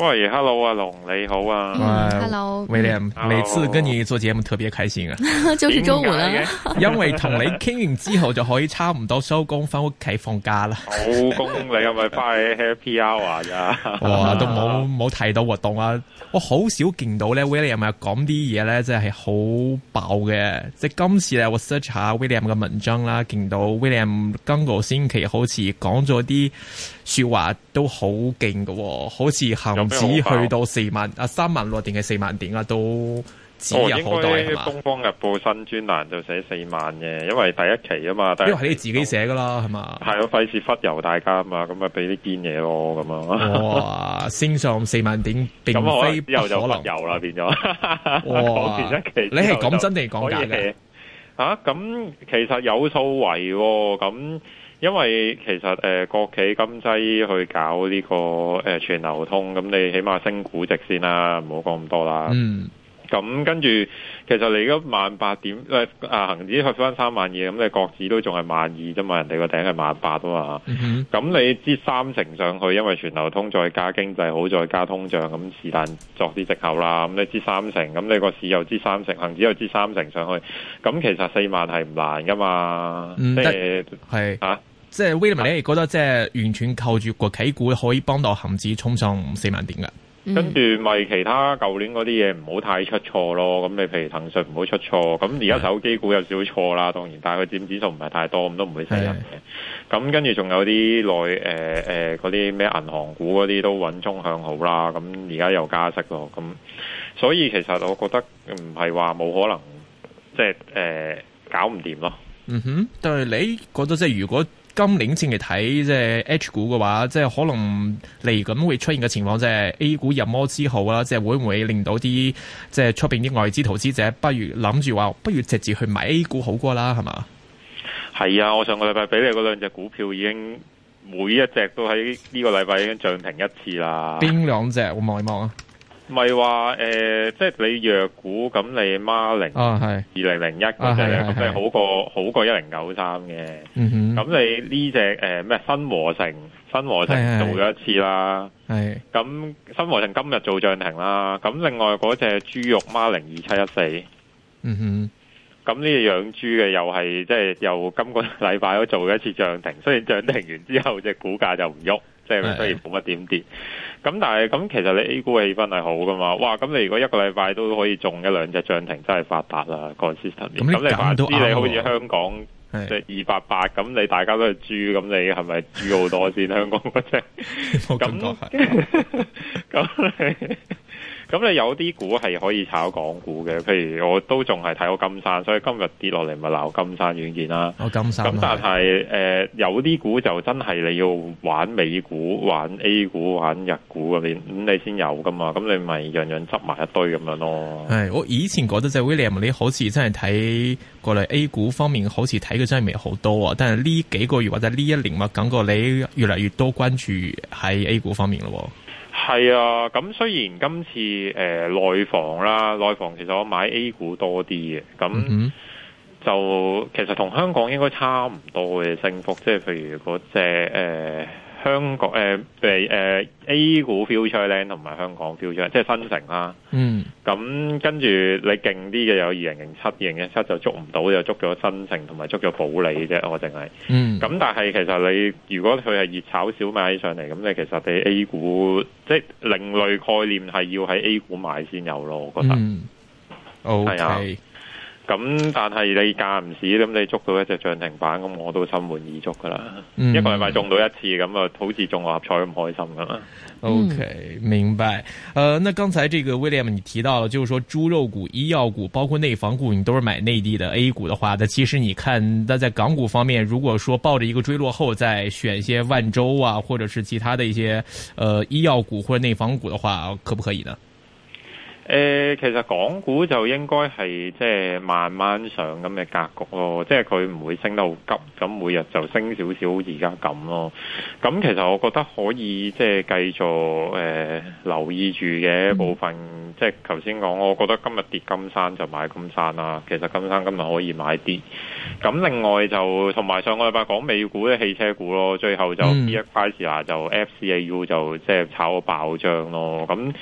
喂，Hello，阿龍，你好啊！Hello，William，uh, Hello. 每次跟你做節目特別開心啊！ 就是周五啦，為 因為同你傾完之後就可以差唔多收工，翻屋企放假啦。 好功利，係咪翻去 happy hour 哇， 我都冇冇睇到活動啊！我好少見到咧，William 咪講啲嘢咧，即係好爆嘅。即係今次咧，我 search 下 William 嘅文章啦，見到 William 今個星期好似講咗啲說話。都好勁噶，好似恒指去到四萬啊，三萬六定係四萬點啊，都指日可待。應該東方日報新專欄就寫四萬嘅，因為第一期啊嘛，因為係你自己寫噶啦，係嘛？係啊，費事忽悠大家啊嘛，咁啊俾啲堅嘢咯，咁啊哇，升上四萬點，並非不可能，有、哦、啦，變咗期，你係講真定講假嘅？啊，咁其實有數為咁。因為其實誒、呃、國企金雞去搞呢、這個誒、呃、全流通，咁你起碼升估值先啦，唔好講咁多啦。嗯。咁、啊、跟住，其實你，、呃啊、2, 你 1, 2 2而家萬八點誒啊恒指去翻三萬二，咁你國指都仲係萬二啫嘛，人哋個頂係萬八啊嘛。嗯。咁你支三成上去，因為全流通再加經濟好再加通脹，咁是但作啲藉口啦。咁你支三成，咁你個市又支三成，恒指又支三成上去，咁其實四萬係唔難噶嘛。嗯。即係係即係 William，你覺得即係完全扣住國企股可以幫到恒指衝上四萬點㗎？嗯、跟住咪其他舊年嗰啲嘢唔好太出錯咯。咁你譬如騰訊唔好出錯，咁而家手機股有少少錯啦，當然，但係佢佔指數唔係太多，咁都唔會使人嘅。咁跟住仲有啲內誒嗰啲咩銀行股嗰啲都穩中向好啦。咁而家又加息咯。咁所以其實我覺得唔係話冇可能，即係、呃、搞唔掂咯。嗯哼，但係你覺得即係如果？今年前期睇即係 H 股嘅話，即係可能嚟緊會出現嘅情況，即係 A 股入魔之後啦，即係會唔會令到啲即係出邊啲外資投資者不如諗住話，不如直接去買 A 股好過啦，係嘛？係啊，我上個禮拜俾你嗰兩隻股票已經每一隻都喺呢個禮拜已經漲停一次啦。邊兩隻？我望一望啊。咪話即係你弱股咁，你孖零二零零一嗰隻咁，你、啊、好過、啊、好過一零九三嘅。咁、嗯、你呢隻誒咩新和成，新和成做咗一次啦。係咁，新和成今日做漲停啦。咁另外嗰隻豬肉孖零二七一四。2714，嗯哼，咁呢隻養豬嘅又係即係又今個禮拜都做咗一次漲停，雖然漲停完之後隻股價就唔喐，即係雖然冇乜點跌。嗯 咁但係咁，其實你 A 股氣氛係好㗎嘛？哇！咁你如果一個禮拜都可以中一兩隻漲停，真係發達啦！嗰時十年，咁你咁你知你好似香港即係二八八，咁你大家都係豬，咁你係咪豬好多先？ 香港嗰那隻， 我感覺係得咁。 那 咁你有啲股係可以炒港股嘅，譬如我都仲係睇過金山，所以今日跌落嚟咪鬧金山軟件啦。我金山咁，但係誒、呃、有啲股就真係你要玩美股、玩 A 股、玩日股咁咁你先、嗯、有噶嘛？咁你咪樣樣執埋一堆咁樣咯。係，我以前覺得就是、William，你好似真係睇過嚟 A 股方面，好似睇嘅真係未好多啊！但係呢幾個月或者呢一年，我感覺你越嚟越多關注喺 A 股方面咯。係啊，咁雖然今次誒、呃、內房啦，內房其實我買 A 股多啲嘅，咁就其實同香港應該差唔多嘅升幅，即係譬如嗰隻誒。呃香港誒誒、呃呃、A 股 Future Land 同埋香港 Future Land，即係新城啦。嗯，咁、啊、跟住你勁啲嘅有二零零七、二零零七就捉唔到，就捉咗新城同埋捉咗保利啫。我淨係，嗯，咁但係其實你如果佢係熱炒小米上嚟，咁你其實你 A 股即係另類概念係要喺 A 股買先有咯、嗯。我覺得，嗯，O K。咁但係你間唔時咁你捉到一隻漲停板咁我都心滿意足噶啦，一個禮拜中到一次咁啊，就好似中六合彩咁開心噶啦。OK 明白。呃那剛才這個 William 你提到，就是說豬肉股、醫藥股，包括內房股，你都是買內地的 A 股的話，那其實你看，那在港股方面，如果說抱着一個追落後，再選一些萬洲啊，或者是其他的一些，呃醫藥股或者內房股的話，可不可以呢？誒，其實港股就應該係即係慢慢上咁嘅格局咯，即係佢唔會升得好急，咁每日就升少少，好似而家咁咯。咁其實我覺得可以即係繼續誒、呃、留意住嘅部分，即係頭先講，我覺得今日跌金山就買金山啦。其實金山今日可以買啲。咁另外就同埋上個禮拜講美股嘅汽車股咯、嗯，最後就呢一塊事啊，就 FCAU 就即係炒到爆漲咯。咁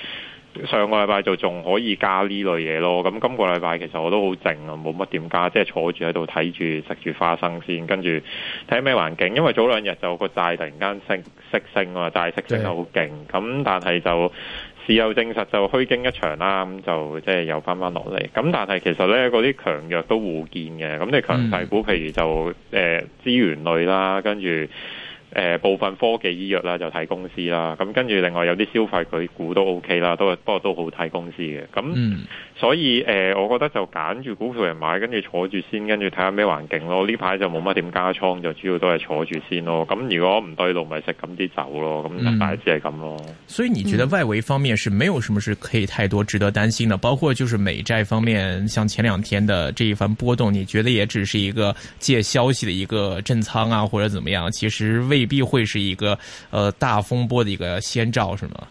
上個禮拜就仲可以加呢類嘢咯，咁今個禮拜其實我都好靜啊，冇乜點加，即係坐住喺度睇住食住花生先，跟住睇咩環境。因為早兩日就個債突然間升息升喎，債息升得好勁，咁但係就事有證實就虛驚一場啦，咁就即係又翻翻落嚟。咁但係其實咧嗰啲強弱都互見嘅，咁你強勢股譬如就誒、呃、資源類啦，跟住。誒、呃，部分科技醫藥啦，就睇公司啦。咁、嗯嗯、跟住，另外有啲消費佢估都 OK 啦，都不過都，都好睇公司嘅。咁、嗯嗯、所以誒、呃，我覺得就揀住股票嚟買，跟住坐住先，跟住睇下咩環境咯。呢排就冇乜點加倉，就主要都係坐住先咯。咁如果唔對路，咪食咁啲走咯。咁大致係咁咯。所以你覺得外圍方面是沒有什麼是可以太多值得擔心嘅、嗯？包括就是美債方面，像前兩天的這一番波動，你覺得也只是一個借消息的一個震倉啊，或者怎麼樣？其實未。未必會是一個，呃，大風波的一個先兆，是嗎？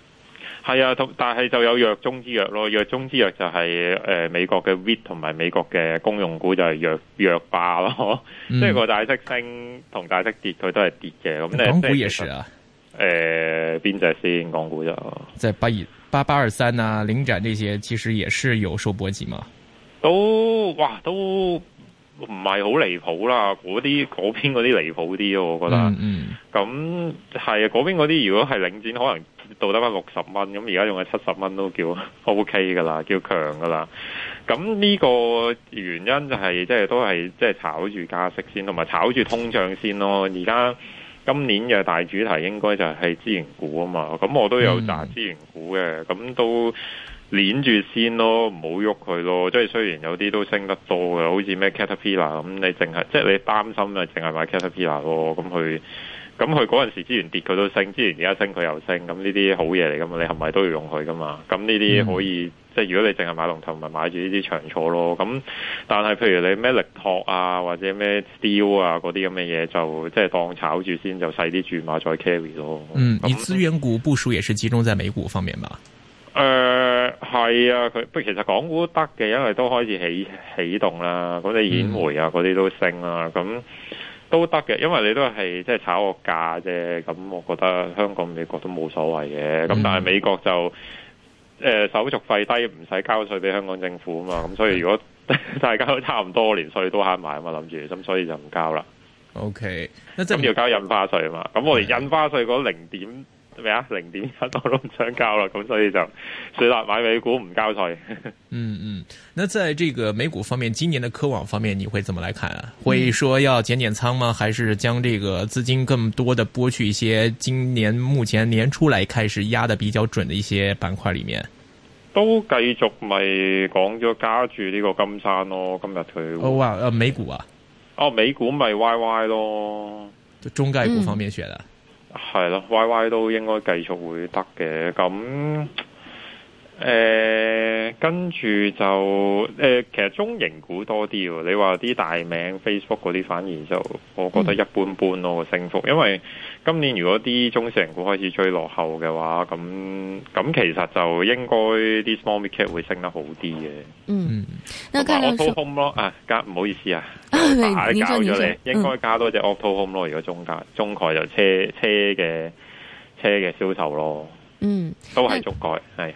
係啊，但係就有弱中之弱咯，弱中之弱就係、是，誒、呃，美國嘅 REIT 同埋美國嘅公用股就係弱弱化咯，嗯、即係個大息升同大息跌佢都係跌嘅。咁港股也是啊，誒、呃，邊隻先？港股就，即係八二、八八二三啊，領展呢些其實也是有受波及嘛？都，哇，都。唔係好離譜啦，嗰啲嗰邊嗰啲離譜啲咯、啊，我覺得。咁係啊，嗰邊嗰啲，如果係領展，可能到得翻六十蚊，咁而家用嘅七十蚊都叫 O K 㗎啦，叫強㗎啦。咁呢個原因就係、是、即係都係即係炒住加息先，同埋炒住通脹先咯。而家今年嘅大主題應該就係資源股啊嘛。咁我都有揸資源股嘅，咁、嗯、都。捻住先咯，唔好喐佢咯。即係雖然有啲都升得多嘅，好似咩 Caterpillar 咁，你淨係即係你擔心咪淨係買 Caterpillar 咯。咁佢咁佢嗰陣時資源跌佢都升，之前而家升佢又升，咁呢啲好嘢嚟噶嘛？你係咪都要用佢噶嘛？咁呢啲可以、嗯、即係如果你淨係買龍頭咪買住呢啲長錯咯。咁但係譬如你咩力拓啊或者咩 Steel 啊嗰啲咁嘅嘢就即係當炒住先，就細啲注碼再 carry 咯。嗯，你資源股部署也是集中在美股方面吧？誒、呃，係啊，佢不過其實港股都得嘅，因為都開始起起動啦，嗰啲顯媒啊，嗰啲都升啦，咁、嗯、都得嘅，因為你都係即係炒個價啫，咁我覺得香港、美國都冇所謂嘅，咁、嗯、但係美國就誒、呃、手續費低，唔使交稅俾香港政府啊嘛，咁所以如果、嗯、 大家都差唔多連稅都慳埋啊嘛，諗住，咁所以就唔交啦。O K，咁要交印花稅啊嘛，咁、嗯、我哋印花稅嗰零點。咩、嗯、啊？零點一我都唔想交啦，咁所以就算啦，買美股唔交稅。嗯嗯，那在這個美股方面，今年的科網方面，你會怎麼來看啊、嗯？會說要減減倉嗎？還是將這個資金更多的撥去一些今年目前年初來開始壓得比較準的一些板塊裏面？都繼續咪講咗加住呢個金山咯，今日佢、哦、哇，誒、呃、美股啊，哦美股咪 YY 咯，就中概股方面選啦係咯，YY 都應該繼續會得嘅，咁。誒、呃，跟住就誒、呃，其實中型股多啲喎。你話啲大名 Facebook 嗰啲，反而就我覺得一般般咯個、嗯、升幅。因為今年如果啲中型股開始追落後嘅話，咁咁其實就應該啲 small market 會升得好啲嘅。嗯，爸爸那隔日 auto home 咯啊，加唔好意思啊，下加咗你，你應該加多隻 auto home 咯。如果中概、嗯、中概就車車嘅車嘅銷售咯。嗯，都係足概係。啊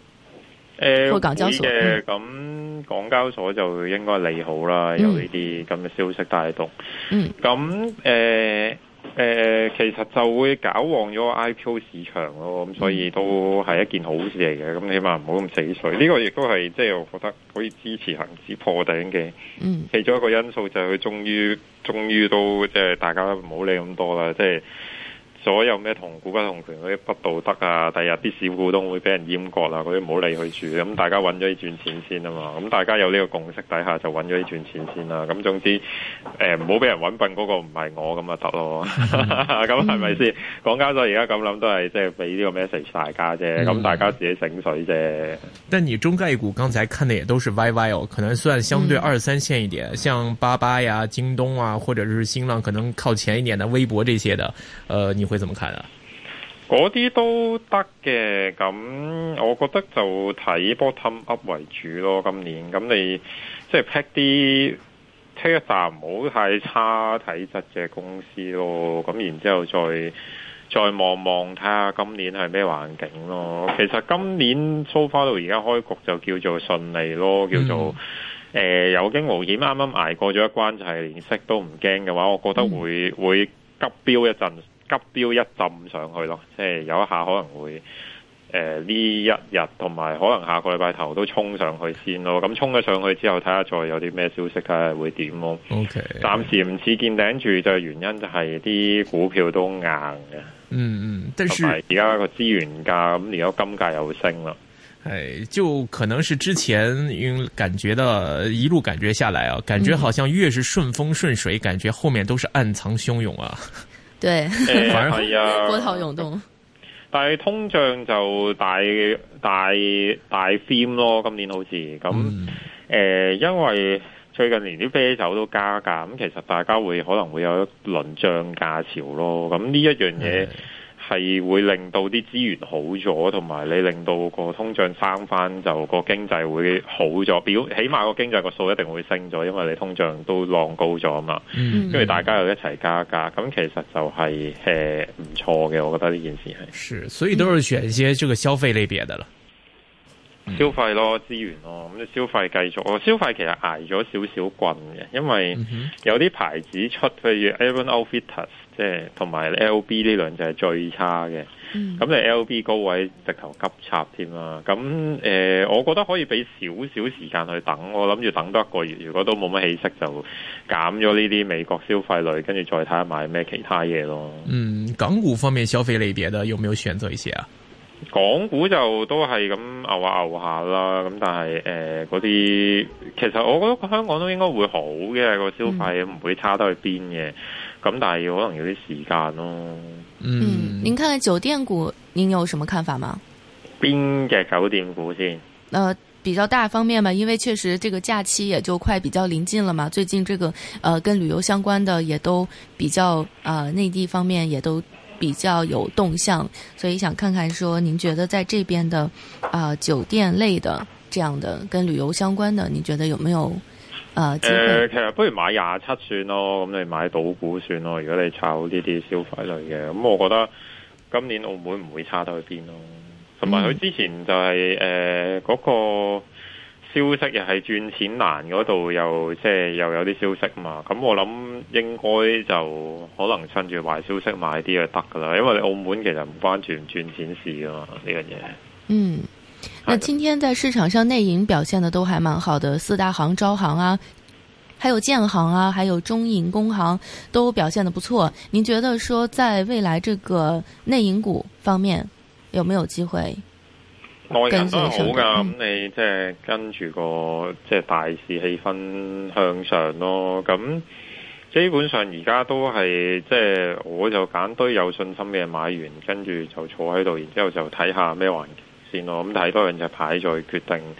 誒、呃，港交所嘅咁，港交所就應該利好啦，有呢啲咁嘅消息帶動。嗯，咁誒誒，其實就會搞旺咗 IPO 市場咯，咁所以都係一件好事嚟嘅。咁起碼唔好咁死水，呢、嗯這個亦都係即係我覺得可以支持恒指破頂嘅。嗯，其中一個因素就係佢終於終於都即係、就是、大家都唔好理咁多啦，即、就、係、是。所有咩同股不同權嗰啲不道德啊，第日啲小股東會俾人閹割啦、啊，嗰啲唔好理去住，咁大家揾咗啲轉錢先啊嘛，咁大家有呢個共識底下就揾咗啲轉錢先啦，咁總之唔好俾人揾笨嗰個唔係我咁咪得咯，咁係咪先？講、 嗯、家咗而家咁諗都係即係俾呢個 message 大家啫，咁大家自己醒水啫、嗯。但你中概股剛才看嘅也都是 YY 哦，可能算相對二三線一點，嗯、像巴巴呀、啊、京東啊，或者是新浪可能靠前一點的微博這些的，呃、你。會怎麼看啊？嗰啲都得嘅，咁我覺得就睇 bottom up 為主咯。今年咁你即係 pick 啲 table 唔好太差體質嘅公司咯。咁然之後再再望望睇下今年係咩環境咯。其實今年 so far 到而家開局就叫做順利咯，mm -hmm. 叫做誒、呃、有驚無險，啱啱捱過咗一關就係連息都唔驚嘅話，我覺得會、mm -hmm. 會急飆一陣。急飆一浸上去咯，即係有一下可能會，誒、呃、呢一日同埋可能下個禮拜頭都衝上去先咯。咁衝咗上去之後，睇下再有啲咩消息啊，會點咯。O K，暫時唔似見頂住，就係原因就係啲股票都硬嘅。嗯嗯，即係而家個資源價咁，而家金價又升啦。係、哎、就可能是之前感覺到一路感覺下來啊，感覺好像越是順風順水、嗯，感覺後面都是暗藏洶湧啊。對，誒、欸、係啊，波濤湧動但。但係通脹就大大大添咯，今年好似咁。誒、嗯呃，因為最近連啲啤酒都加價，咁其實大家會可能會有一輪漲價潮咯。咁呢一樣嘢。嗯嗯係會令到啲資源好咗，同埋你令到個通脹升翻，就個經濟會好咗。表起碼個經濟個數一定會升咗，因為你通脹都浪高咗嘛。嗯，因為大家又一齊加價，咁、嗯、其實就係誒，唔錯嘅。我覺得呢件事係是，是，所以都係選一些這個消費類別的啦，嗯，消費咯，資源咯。咁啲消費繼續，我、哦、消費其實捱咗少少棍嘅，因為有啲牌子出，譬如 Urban Outfitters 即係同埋 LB 呢兩隻係最差嘅，咁、嗯、你 LB 高位直頭急插添啦。咁誒、呃，我覺得可以俾少少時間去等，我諗住等多一個月，如果都冇乜氣息，就減咗呢啲美國消費類，跟住再睇下買咩其他嘢咯。嗯，港股方面消費類別嘅有冇有選擇一些啊？港股就都係咁牛下牛下啦，咁但係誒嗰啲，其實我覺得香港都應該會好嘅、個消費唔、嗯、會差得去邊嘅。咁但係可能要啲時間咯。嗯，您看看酒店股，您有什麼看法嗎？邊嘅酒店股先？呃，比較大方面嘛，因為確實這個假期也就快比較臨近了嘛。最近這個，呃，跟旅遊相關的也都比較，啊、呃，內地方面也都比較有動向，所以想看看說，您覺得在這邊的，啊、呃，酒店類的這樣的跟旅遊相關的，你覺得有沒有？誒、啊呃，其實不如買廿七算咯，咁你買賭股算咯。如果你炒呢啲消費類嘅，咁我覺得今年澳門唔會差得去邊咯。同埋佢之前就係誒嗰個消息是轉又係轉錢難嗰度，又即係又有啲消息嘛。咁我諗應該就可能趁住壞消息買啲就得噶啦。因為你澳門其實唔關轉唔轉錢事噶嘛呢、樣嘢。嗯。那今天在市場上內銀表現的都還蠻好的，四大行、招行啊，還有建行啊，還有中銀、工行都表現得不錯。您覺得說在未來這個內銀股方面有沒有機會跟隨上的？嗯、你即係跟住個即係大市氣氛向上咯。咁基本上而家都係即係，就是、我就揀堆有信心嘅買完，跟住就坐喺度，然之後就睇下咩環境。咁睇多兩隻牌再決定。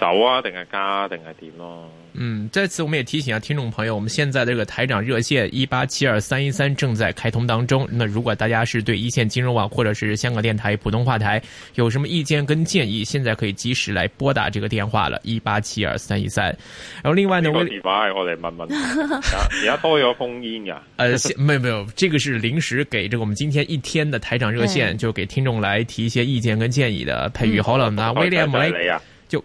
走啊，定係加、啊，定係點咯？嗯，在此我們也提醒啊聽眾朋友，我們現在的這個台長熱線一八七二三一三正在開通當中。那如果大家是對一線金融網、啊、或者是香港電台普通話台有什麼意見跟建議，現在可以及時來撥打這個電話了一八七二三一三。然後另外呢，我、這個、電話我嚟問問，而家多咗封煙噶？誒、 呃，沒有沒有，這個是臨時給這個我們今天一天的台長熱線， 就給聽眾來提一些意見跟建議的。彭宇好冷、嗯、啊，威廉姆、啊、就。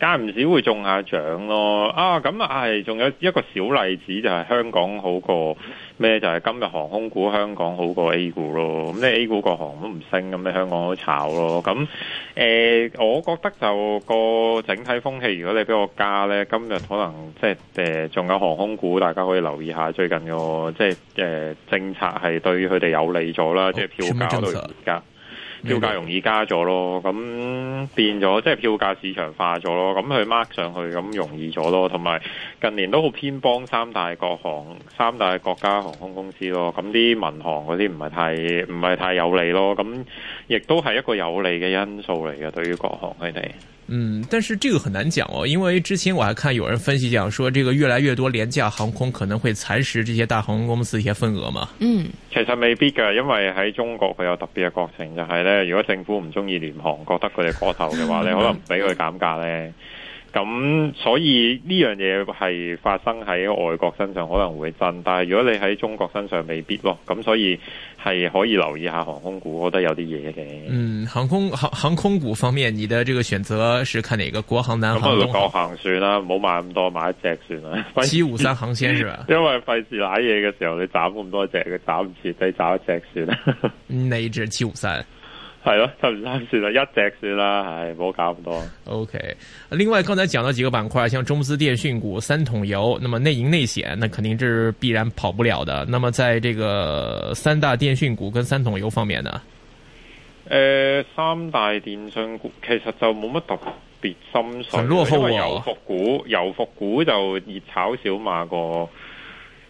加唔少會中下獎咯啊！咁啊係，仲有一個小例子就係、是、香港好過咩？就係、是、今日航空股香港好過 A 股咯。咁你 A 股個行都唔升，咁你香港都炒咯。咁、嗯、誒、呃，我覺得就個整體風氣，如果你俾我加咧，今日可能即係誒，仲、呃、有航空股，大家可以留意下最近個即係誒，政策係對於佢哋有利咗啦。即、哦、係、就是、票價都而家。票價容易加咗咯，咁變咗即係票價市場化咗咯，咁佢 mark 上去咁容易咗咯，同埋近年都好偏幫三大國航、三大國家航空公司咯，咁啲民航嗰啲唔係太唔係太有利咯，咁亦都係一個有利嘅因素嚟嘅，對於國航佢哋。嗯，但是這個很難講哦，因為之前我還看有人分析講，說這個越來越多廉價航空可能會蠶食這些大航空公司一些份額嘛。嗯，其實未必噶，因為喺中國佢有特別嘅國情，就係咧，如果政府唔中意聯航，覺得佢哋過頭嘅話咧，你可能唔俾佢減價咧。 咁所以呢樣嘢係發生喺外國身上可能會震，但係如果你喺中國身上未必咯。咁所以係可以留意下航空股，我覺得有啲嘢嘅。嗯，航空航航空股方面，你的這個選擇是看哪個國航南航？咁啊，國航算啦，唔好買咁多，買一隻算啦。七五三行先是吧？ 因為費事瀨嘢嘅時候，你斬咁多隻，佢斬唔切，你斬一隻算啦。哪一隻七五三？係咯，差唔多算啦，一隻算啦，係唔好搞咁多。OK，另外剛才講到幾個板塊，像中資電訊股、三桶油，那麼內營內險，那肯定是必然跑不了的。那麼在這個三大電訊股跟三桶油方面呢？誒、呃，三大電訊股其實就冇乜特別心水，因為油服股、油服股就熱炒小馬個。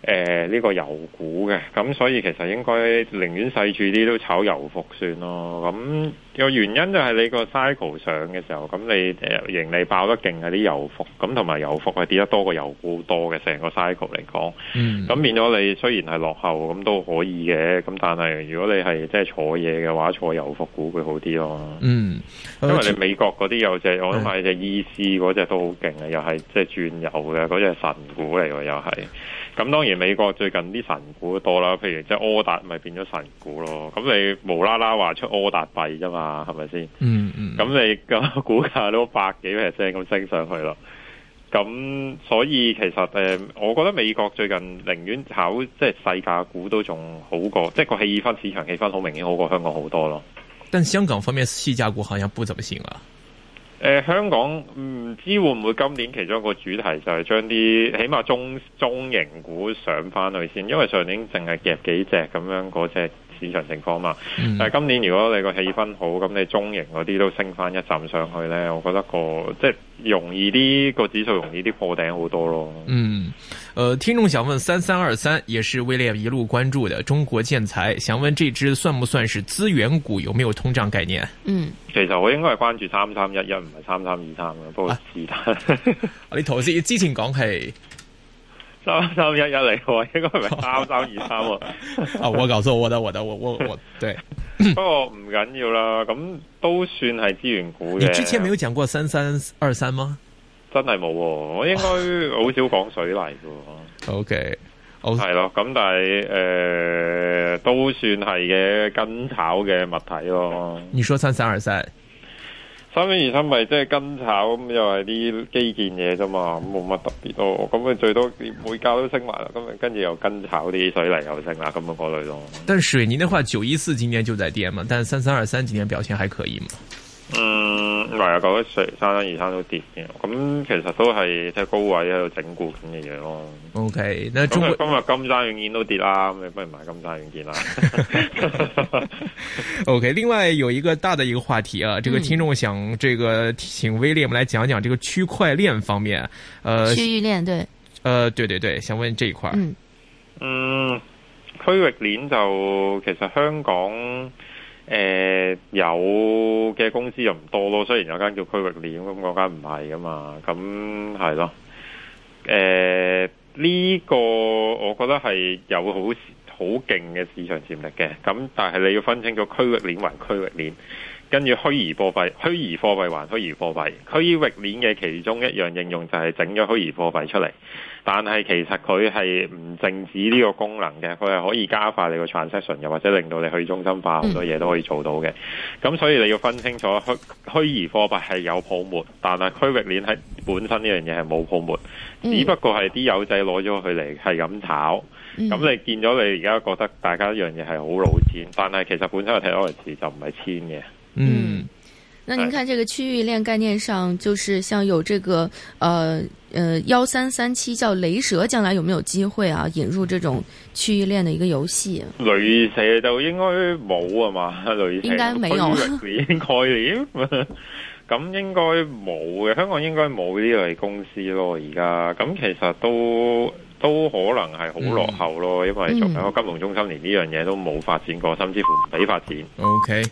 誒、呃、呢、這個油股嘅，咁所以其實應該寧願細注啲都炒油服算咯，咁。個原因就係你個 cycle 上嘅時候，咁你盈利爆得勁，嗰啲油服，咁同埋油服係跌得多過油股多嘅成個 cycle 嚟講，咁、嗯、變咗你雖然係落後，咁都可以嘅。咁但係如果你係即係坐嘢嘅話，坐油服股會好啲咯。嗯，因為你美國嗰啲有隻，我買隻 EC 嗰隻都好勁啊，又係即係轉油嘅嗰隻神股嚟㗎，又係。咁當然美國最近啲神股多啦，譬如即係柯達咪變咗神股咯。咁你無啦啦話出柯達幣啫嘛～啊，係咪先？嗯嗯，咁你個股價都百幾 percent 咁升上去咯。咁所以其實誒，我覺得美國最近寧願炒即係細價股都仲好過，即係個氣氛市場氣氛好明顯好過香港好多咯。但香港方面細價股好像不怎麼行啊。誒、呃，香港唔知會唔會今年其中一個主題就係將啲起碼中中型股上翻去先，因為上年淨係夾幾隻咁樣嗰隻。市場情況嘛，但係今年如果你個氣氛好，咁你中型嗰啲都升翻一站上去咧，我覺得個即係容易啲個指數容易啲破頂好多咯。嗯，誒、呃，聽眾想問三三二三，也是威廉一路關注的中國建材，想問這支算不算是資源股？有沒有通脹概念？嗯，其實我應該係關注三三一一，唔係三三二三，不過是但。啊、 你頭先之前講係。三三一一嚟喎，應該係咪三三二三啊！我搞錯，我的我的我我我對， 不過唔緊要啦，咁都算係資源股。你之前沒有講過三三二三嗎？真係冇，我應該好少講水泥嘅。O K，O K，係咯，咁但係誒、呃、都算係嘅，跟炒嘅物體咯。你說三三二三。三零二三咪即係跟炒，咁又係啲基建嘢啫嘛，冇乜特別咯、哦。咁佢最多每價都升埋啦，咁啊跟住又跟炒啲水泥又升啊，咁、那、嗰、個、類咯。但水泥嘅話，九一四今年就在跌嘛，但三三二三今年表現還可以嘛。嗯，係、嗯、啊，九一四、三三二三都跌嘅，咁其實都係即係高位喺度整固咁嘅嘢咯。O、okay, K，那中國今日金山軟件都跌啦，咁你不如買金山軟件啦。 o、okay, K，另外有一個大的一個話題啊，這個聽眾想這個、嗯、請 William 嚟講講這個區塊鏈方面，區、呃、域鏈對，呃，對對對，想問這一塊。嗯，區、嗯、域鏈就其實香港。誒、呃，有嘅公司又唔多咯，雖然有間叫區域鏈，咁嗰間唔係噶嘛，咁係咯。誒，呢、呃這個我覺得係有好好勁嘅市場潛力嘅，咁但係你要分清楚區域鏈還區域鏈。跟住虛擬貨幣，虛擬貨幣還虛擬貨幣，區域鏈嘅其中一樣應用就係整咗虛擬貨幣出嚟，但係其實佢係唔淨止呢個功能嘅，佢係可以加快你個 transaction 又或者令到你去中心化好多嘢都可以做到嘅。咁、嗯、所以你要分清楚虛虛擬貨幣係有泡沫，但係區域鏈係本身呢樣嘢係冇泡沫，嗯，只不過係啲友仔攞咗佢嚟係咁炒。咁、嗯、你見咗你而家覺得大家一樣嘢係好老千，但係其實本身睇多陣時就唔係千嘅。嗯，那您看這個區域鏈概念上，就是像有這個，呃，呃，幺三三七叫雷蛇，將來有沒有機會啊？引入這種區域鏈的一個遊戲？雷蛇就應該冇啊嘛，雷蛇應該沒有，有概念咁， 應該冇嘅。香港應該冇呢類公司咯。而家咁其實都都可能係好落後咯，嗯、因為作為一個金融中心裏，連呢樣嘢都冇發展過，甚至乎唔俾發展。O K。